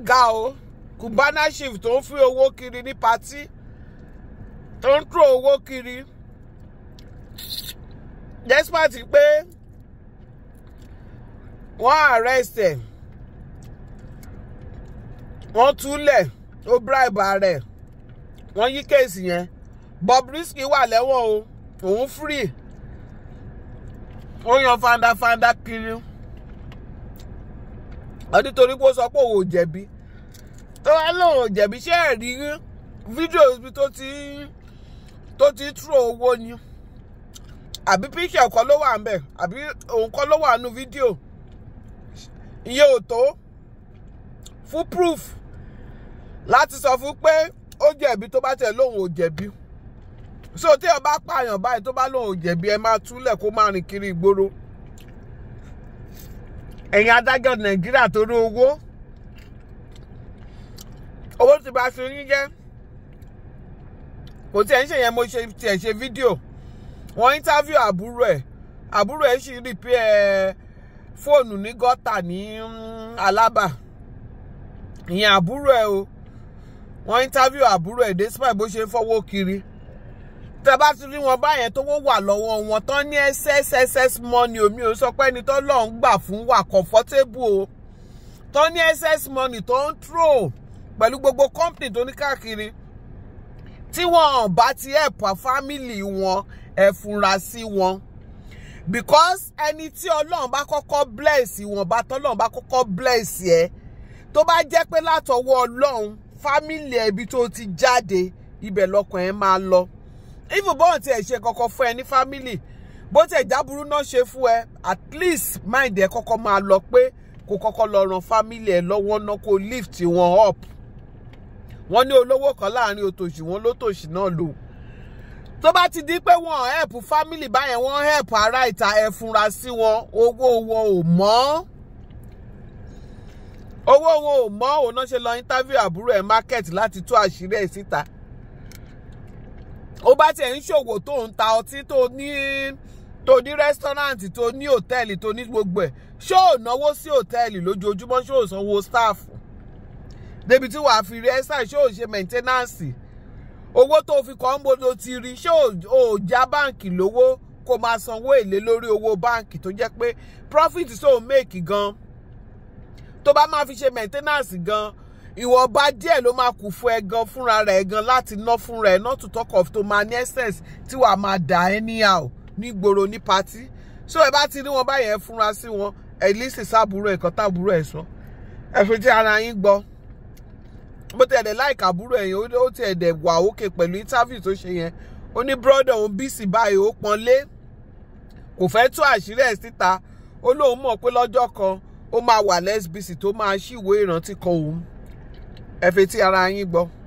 ga o Cubana Chief tó ń fi owó kiri ní patí tó ń tró owó kiri despite pé wọ́n arrest ẹ̀ wọ́n túlẹ̀ ó bribe rẹ̀ wọ́n yí kéèsì yẹn Bobrisky wà lẹ́wọ̀n o òun free ó yan fandafanda kiri nítorí pé ó sọ pé òun ò jẹ̀bi tó wá lóun ò jẹ̀bi ṣé ẹ̀ rí fídíò ibi tó ti tó ti tró owó ni àbí píṣẹ̀ kan ló wà ń bẹ̀ àbí òun kan ló wà nù fídíò iye ò tó fún proof láti sọ fún pé ó jẹ̀bi tó bá tẹ̀ lóun ò jẹ̀bi so tí ó bá pààyàn báyìí tó bá lóun ò jẹ̀bi ẹ máa túlẹ̀ kó máa rìn kiri ìgboro ẹ̀yin adájọ́ nàìjíríà torí owó owó ti bá fi yín jẹ́ kò tí ẹ̀ ń ṣe yẹn mo ṣe tiẹ̀ ṣe fídíò wọ́n interview àbúrò ẹ̀ àbúrò ẹ̀ sì repair eh, fóònù ní gọ́tà ní mm, Alábà ìyẹn àbúrò ẹ̀ o wọ́n interview àbúrò ẹ̀ despite bó ṣe ń fọwọ́ kiri tẹ bá ti rí wọn báyẹn tó wó wà lọ́wọ́ wọn tán ní sss money omi ò sọ pé ẹni tó lọ́ọ́ ń gbà fún wà comfortable o tán ní ss money tó ń tró pẹ̀lú gbogbo company tó ní káàkiri tí wọn bá ti ẹ̀pà fámìlì wọn ẹ fura sí wọn because ẹni tí ọlọ́run bá kọ́kọ́ bless wọn bá tọ́lọ́run bá kọ́kọ́ bless ẹ tó bá jẹ́ pé látọwọ́ ọlọ́run family. ẹbí tó ti jáde ibẹ̀ lọkàn ẹ máa lọ even bọ́ọ̀ tiẹ̀ ṣe kọ́kọ́ fún ẹ ní family bó tiẹ̀ jáburú náà ṣe fún ẹ at least mind ẹ kọ́kọ́ máa lọ pé kó kọ́kọ́ lọ ran family ẹ lọ́wọ́ náà kó lift wọn up wọ́n ní olówó kan láàrin òtòṣì wọn lótòṣì náà lò tó bá ti di pé wọ́n help family báyẹn wọ́n help ará ìta ẹ fúnra sí wọn owó wọn ò mọ́ owó wọn ò mọ́ òun náà ṣe lọ interview àbúrò ẹ̀ market láti tú àṣírí ẹ̀ síta. Si ó bá tiẹ̀ ń ṣòwò tó ń ta ọtí tó ní tó ní rẹ́sítọ́ráǹtì tó ní hòtẹ́ẹ̀lì tó ní gbogbo ẹ̀ ṣó ò náwó sí hòtẹ́ẹ̀lì lójoojúmọ́ ṣó ò sanwó stáàfù débi tí wàá fi rí ẹ́sà ṣó ò ṣe mẹ̀ńtẹ́nánsì owó tó fi kọ́ ń bodo ti rí ṣó ò já báǹkì lówó kó máa sanwó èlé lórí owó báǹkì tó jẹ́ pé profit so make gan tó bá máa fi ṣe mẹ̀ńtẹ́nánsì gan ìwọ̀nba díẹ̀ ló máa kù fún ẹ gan fúnra rẹ̀ gan láti ná fúnra ẹ̀ not to talk of tó máa ní excess tí wàá máa dà anyhow ní gbòòrò ní patí so ẹ bá ti rí wọn báyẹn fúnra sí wọn ẹ lísì sábúrò ẹ̀ kan tábúrò ẹ̀ sọ ẹ fi jẹ́ ara yín gbọ́ bó ti ẹ̀dẹ̀ láìka àbúrò ẹ̀yìn ó ti ẹ̀dẹ̀ wà òkè pẹ̀lú interview tó ṣe yẹn ó ní brọ́dọ̀ òun bíìsì báyìí ó pọn lé kò fẹ́ tú àṣírí ẹ̀ síta ó lóun mọ̀ pé lọ́jọ́ kan ó máa wà lẹ́sbíìsì tó máa ṣíwèé ìrántí kan òun ẹ fi ti ara yín gbọ́.